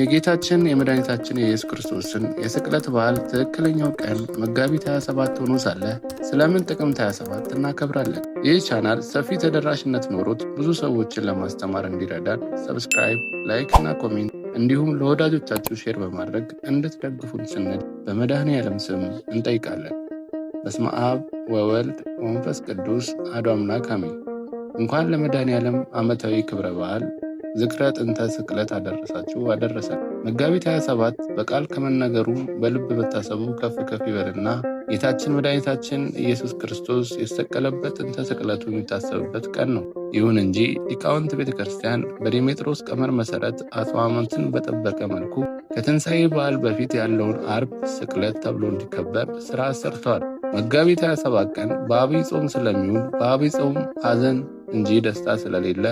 የጌታችን የመድኃኒታችን የኢየሱስ ክርስቶስን የስቅለት በዓል ትክክለኛው ቀን መጋቢት 27 ሆኖ ሳለ ስለምን ጥቅምት 27 እናከብራለን? ይህ ቻናል ሰፊ ተደራሽነት ኖሮት ብዙ ሰዎችን ለማስተማር እንዲረዳን ሰብስክራይብ፣ ላይክ እና ኮሜንት እንዲሁም ለወዳጆቻችሁ ሼር በማድረግ እንድትደግፉን ስንል በመድኃኔ ዓለም ስም እንጠይቃለን። በስመ አብ ወወልድ ወመንፈስ ቅዱስ አሐዱ አምላክ አሜን። እንኳን ለመድኃኔ ዓለም ዓመታዊ ክብረ በዓል ዝክረ ጥንተ ስቅለት አደረሳችሁ አደረሰ። መጋቢት 27 በቃል ከመነገሩ በልብ መታሰቡ ከፍ ከፍ ይበልና ጌታችን መድኃኒታችን ኢየሱስ ክርስቶስ የተሰቀለበት ጥንተ ስቅለቱ የሚታሰብበት ቀን ነው። ይሁን እንጂ ሊቃውንት ቤተ ክርስቲያን በዲሜጥሮስ ቀመር መሠረት አጽዋማትን በጠበቀ መልኩ ከትንሣኤ በዓል በፊት ያለውን አርብ ስቅለት ተብሎ እንዲከበር ሥራ ሰርተዋል። መጋቢት 27 ቀን በአብይ ጾም ስለሚውል በአብይ ጾም ሐዘን እንጂ ደስታ ስለሌለ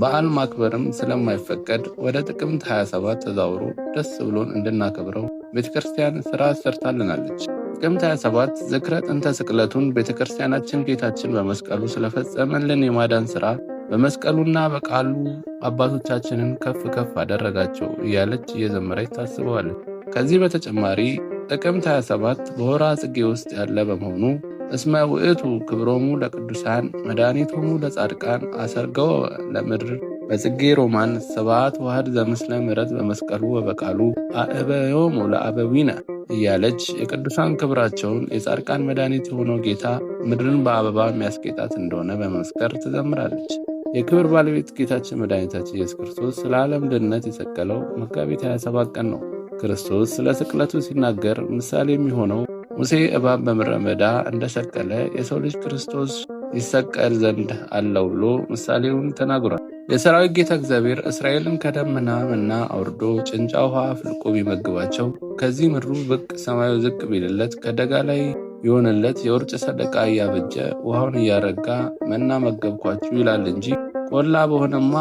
በዓል ማክበርም ስለማይፈቀድ ወደ ጥቅምት 27 ተዛውሮ ደስ ብሎን እንድናከብረው ቤተክርስቲያን ስራ ሰርታልናለች። ጥቅምት 27 ዝክረ ጥንተ ስቅለቱን ቤተክርስቲያናችን ጌታችን በመስቀሉ ስለፈጸመልን የማዳን ስራ በመስቀሉና በቃሉ አባቶቻችንን ከፍ ከፍ አደረጋቸው እያለች እየዘመረች ታስበዋለች። ከዚህ በተጨማሪ ጥቅምት 27 በወርሃ ጽጌ ውስጥ ያለ በመሆኑ እስመ ውእቱ ክብሮሙ ለቅዱሳን መድኃኒቶሙ ለጻድቃን አሰርገው ለምድር በጽጌ ሮማን ሰባት ዋህድ ዘምስለ ምረት በመስቀሉ ወበቃሉ አእበዮሙ ለአበዊነ እያለች የቅዱሳን ክብራቸውን የጻድቃን መድኃኒት የሆነው ጌታ ምድርን በአበባ የሚያስጌጣት እንደሆነ በመመስከር ትዘምራለች። የክብር ባለቤት ጌታችን መድኃኒታችን ኢየሱስ ክርስቶስ ስለ ዓለም ድህነት የሰቀለው መጋቢት 27 ቀን ነው። ክርስቶስ ስለ ስቅለቱ ሲናገር ምሳሌ የሚሆነው ሙሴ እባብ በምድረ በዳ እንደሰቀለ የሰው ልጅ ክርስቶስ ይሰቀል ዘንድ አለው ብሎ ምሳሌውን ተናግሯል። የሰራዊት ጌታ እግዚአብሔር እስራኤልን ከደመና መና አውርዶ ጭንጫ ውሃ አፍልቆ ቢመግባቸው ከዚህ ምድሩ ብቅ ሰማዩ ዝቅ ቢልለት ከደጋ ላይ የሆነለት የውርጭ ሰደቃ እያበጀ ውሃውን እያረጋ መና መገብኳችሁ ይላል እንጂ ቆላ በሆነማ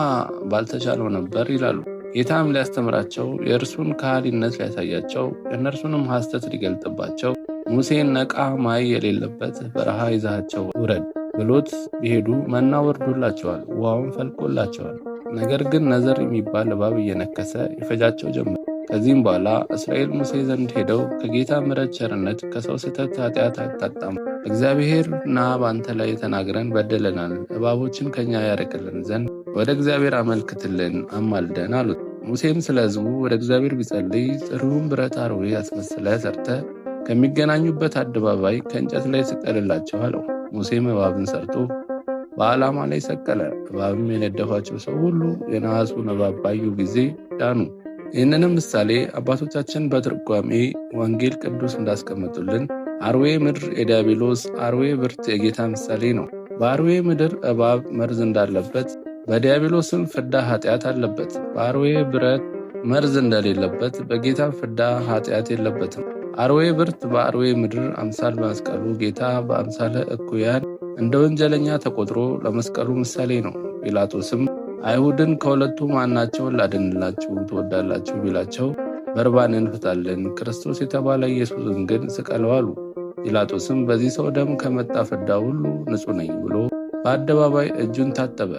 ባልተቻለው ነበር ይላሉ። ጌታም ሊያስተምራቸው የእርሱን ካህሊነት ሊያሳያቸው የእነርሱንም ሐሰት ሊገልጥባቸው ሙሴን ነቃ ማይ የሌለበት በረሃ ይዛቸው ውረድ ብሎት ቢሄዱ መና ወርዶላቸዋል፣ ውሃውን ፈልቆላቸዋል። ነገር ግን ነዘር የሚባል እባብ እየነከሰ ይፈጃቸው ጀመር። ከዚህም በኋላ እስራኤል ሙሴ ዘንድ ሄደው ከጌታ ምሕረት ቸርነት ከሰው ስህተት ኃጢአት አይታጣም እግዚአብሔር ና በአንተ ላይ ተናግረን በደለናል፣ እባቦችን ከኛ ያርቅልን ዘንድ ወደ እግዚአብሔር አመልክትልን አማልደን አሉት። ሙሴም ስለ ሕዝቡ ወደ እግዚአብሔር ቢጸልይ ጥሩውን ብረት አርዌ አስመስለ ሰርተ ከሚገናኙበት አደባባይ ከእንጨት ላይ ስቀልላቸው አለው። ሙሴም እባብን ሰርቶ በዓላማ ላይ ሰቀለ። እባብም የነደፋቸው ሰው ሁሉ የነሐሱን እባብ ባዩ ጊዜ ዳኑ። ይህንንም ምሳሌ አባቶቻችን በትርጓሜ ወንጌል ቅዱስ እንዳስቀምጡልን አርዌ ምድር የዲያብሎስ አርዌ ብርት የጌታ ምሳሌ ነው። በአርዌ ምድር እባብ መርዝ እንዳለበት በዲያብሎስም ፍዳ ኃጢአት አለበት። በአርዌ ብረት መርዝ እንደሌለበት በጌታ ፍዳ ኃጢአት የለበትም። አርዌ ብርት በአርዌ ምድር አምሳል በመስቀሉ ጌታ በአምሳለ እኩያን እንደ ወንጀለኛ ተቆጥሮ ለመስቀሉ ምሳሌ ነው። ጲላጦስም አይሁድን ከሁለቱ ማናቸውን ላድንላችሁ ትወዳላችሁ ቢላቸው በርባንን ፍታልን፣ ክርስቶስ የተባለ ኢየሱስን ግን ስቀለው አሉ። ጲላጦስም በዚህ ሰው ደም ከመጣ ፍዳ ሁሉ ንጹሕ ነኝ ብሎ በአደባባይ እጁን ታጠበ።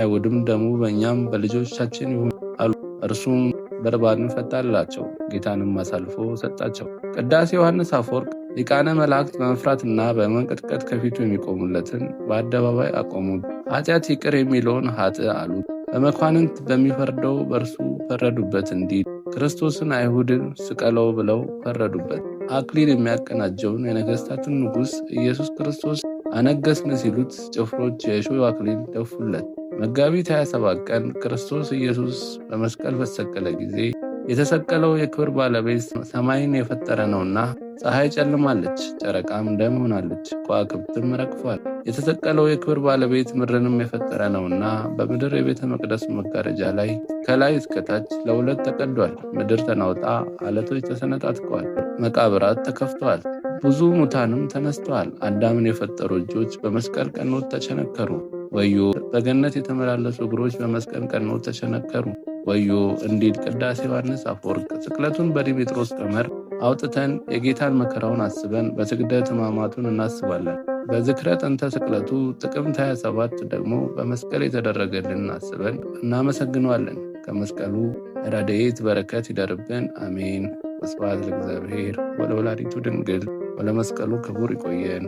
አይሁድም ደሙ በእኛም በልጆቻችን ይሁን አሉ። እርሱም በርባንን ፈታላቸው፣ ጌታንም አሳልፎ ሰጣቸው። ቅዳሴ ዮሐንስ አፈወርቅ ሊቃነ መላእክት በመፍራትና በመንቀጥቀጥ ከፊቱ የሚቆሙለትን በአደባባይ አቆሙ። ኃጢአት ይቅር የሚለውን ሀጥ አሉት። በመኳንንት በሚፈርደው በእርሱ ፈረዱበት። እንዲህ ክርስቶስን አይሁድን ስቀለው ብለው ፈረዱበት። አክሊል የሚያቀናጀውን የነገሥታትን ንጉሥ ኢየሱስ ክርስቶስ አነገስን ሲሉት ጭፍሮች የእሾህ አክሊል ደፉለት። መጋቢት 27 ቀን ክርስቶስ ኢየሱስ በመስቀል በተሰቀለ ጊዜ የተሰቀለው የክብር ባለቤት ሰማይን የፈጠረ ነውና ፀሐይ ጨልማለች፣ ጨረቃም ደም ሆናለች፣ ከዋክብትም ረግፏል። የተሰቀለው የክብር ባለቤት ምድርንም የፈጠረ ነውና በምድር የቤተ መቅደሱ መጋረጃ ላይ ከላይ እስከታች ለሁለት ተቀዷል። ምድር ተናውጣ፣ አለቶች ተሰነጣጥቀዋል፣ መቃብራት ተከፍተዋል። ብዙ ሙታንም ተነስተዋል። አዳምን የፈጠሩ እጆች በመስቀል ቀኖት ተቸነከሩ። ወዮ! በገነት የተመላለሱ እግሮች በመስቀል ቀኖት ተቸነከሩ። ወዮ! እንዲል ቅዳሴ ዮሐንስ አፈወርቅ። ስቅለቱን በዲሜጥሮስ ቀመር አውጥተን የጌታን መከራውን አስበን በስግደት ሕማማቱን እናስባለን። በዝክረ ጥንተ ስቅለቱ ጥቅምት 27 ደግሞ በመስቀል የተደረገልን አስበን እናመሰግነዋለን። ከመስቀሉ ረድኤት በረከት ይደርብን፣ አሜን። ወስብሐት ለእግዚአብሔር ወለወላዲቱ ድንግል ባለመስቀሉ ክቡር ይቆየን።